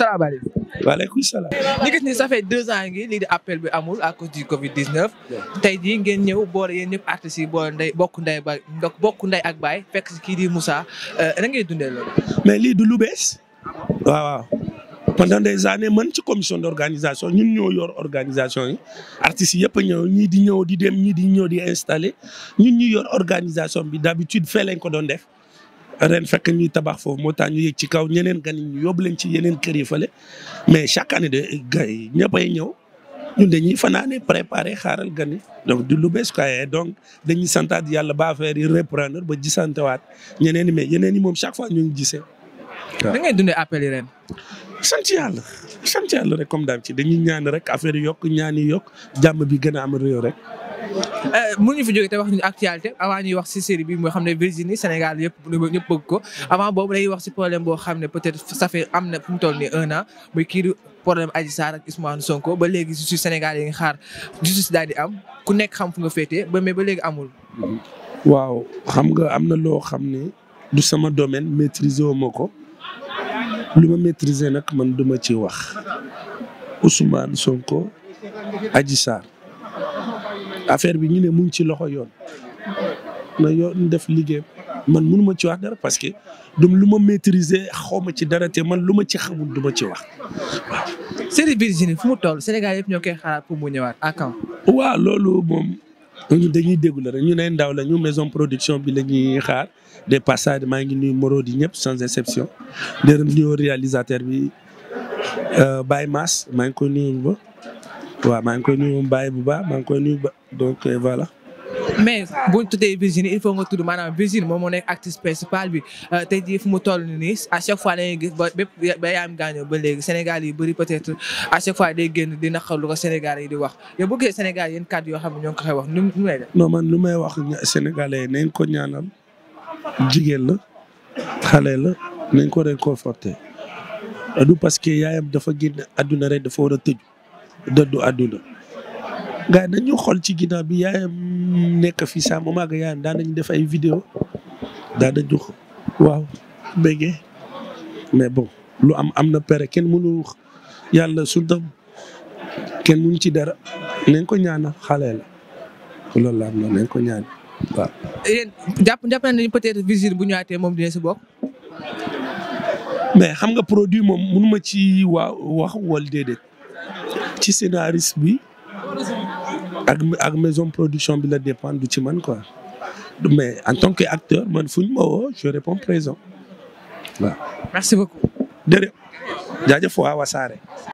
salaamaaleykum. waaleykum salaam. ñu gis ni ça fait deux ans ngi lii de appel bi amul à cause du Covid 19. tey jii ngeen ñëw boole yéen ñëpp artistes yi boole ndey bokk ndey ba bokk ndey ak baay fekk kii di Moussa euh, na ngay dundee loolu. mais lii du lu bees. waaw waaw des années man ci commission d' organisation ñun ñoo yor organisation yi artistes yëpp a ñëw ñii di ñëw di dem ñii di ñëw di installé ñun ñu yor organisation bi d' habitude fee lañ ko doon def. ren fekk ñuy tabax foofu moo tax ñu yëg ci kaw ñeneen gan ñu yóbbu leen ci yeneen kër yi fële mais chaque année de gars yi ñëppay ñëw ñun dañuy fanaane préparer xaaral gan yi donc du lu bees quoi donc dañuy santaat yàlla ba affaire yi reprendre ba gisantewaat ñeneen ñi mais yeneen moom chaque fois ñu ngi gisee. waaw da dundee appel yi ren. sant yàlla sant yàlla rek comme daal ci dañuy ñaan rek affaire yi yokk ñaani yokk jàmm bi gën a am réew rek. Euh, mu ñu fi jógee te wax ñu actualité avant ñuy wax si série bi moo xam ne Virginie Sénégal yëpp ñëpp bëgg ko avant boobu dañuy wax si problème boo xam ne peut-être ça am na fu mu toll nii un an muy kii problème Adji Sarr ak Ousmane Sonko ba léegi si Sénégal yi nga xaar justice daal di am ku nekk xam fu nga féetee ba mais ba léegi amul. waaw xam nga am na loo xam ne du sama domaine maîtriser wu ma ko lu ma maîtriser nag man duma ci wax Ousmane Sonko Adji Sarr affaire bi ñu ne mu ngi ci loxo yoon na yoon def liggéey man mënu ci wax dara parce que dum lu ma maîtriser xaw ma ci dara te man lu ma ci xamul du ma ci wax waaw. série Virginie fu mu Sénégal yëpp ñoo koy xalaat pour mu ñëwaat à quand. waaw loolu moom dañuy déglu rek ñu ne ndaw la ñu maison production bi la ñuy xaar des passages maa ngi nuyu Morodi ñëpp sans exception di nuyu réalisateur bi euh, Baye Mass maa ngi koy nuyu ba. waaw maa ngi koy nuyu Baye bu baax maa ngi koy nuyu ba donc euh, voilà. mais buñ tuddee Virginie il faut nga tudd maanaam Virginie moom moo nekk actrice principale bi euh, tey jii fu mu toll nii à chaque fois dañuy gis ba bépp ba yaayam gaañoo ba léegi Sénégal yi bëri peut-être à chaque fois day génn di naqar lu ko Sénégal yi di wax yow bu gisee Sénégal yéen kàddu yoo xam ne ñoo ngi ko koy wax nu mu lay def. non man lu may wax Sénégalais nañ ko ñaanal jigéen la xale la nañ ko réconforté du parce que yaayam dafa génn àdduna rek dafa war a tëju. du àdduna gaa yi ñu xool ci ginnaaw bi yaayam nekk fi saa moom ak yaayam daan nañu def ay vidéo daan nañu waaw béggee mais bon lu am am na pere kenn mënu yàlla sultam kenn mënu ci dara nañ ko ñaanal xale la loolu la am na nañ ko ñaan waaw. yéen jàpp jàpp nañu peut-être visite bu ñëwaatee moom dina si bokk. mais xam nga produit moom mënu ma ci waa wax wala déedéet. ci scénariste bi ak ak maison production bi la dépendre du ci man quoi mais en tant que acteur man fu ñu ma woo je réponds présent waaw. merci beaucoup. jërëjëf jaajëf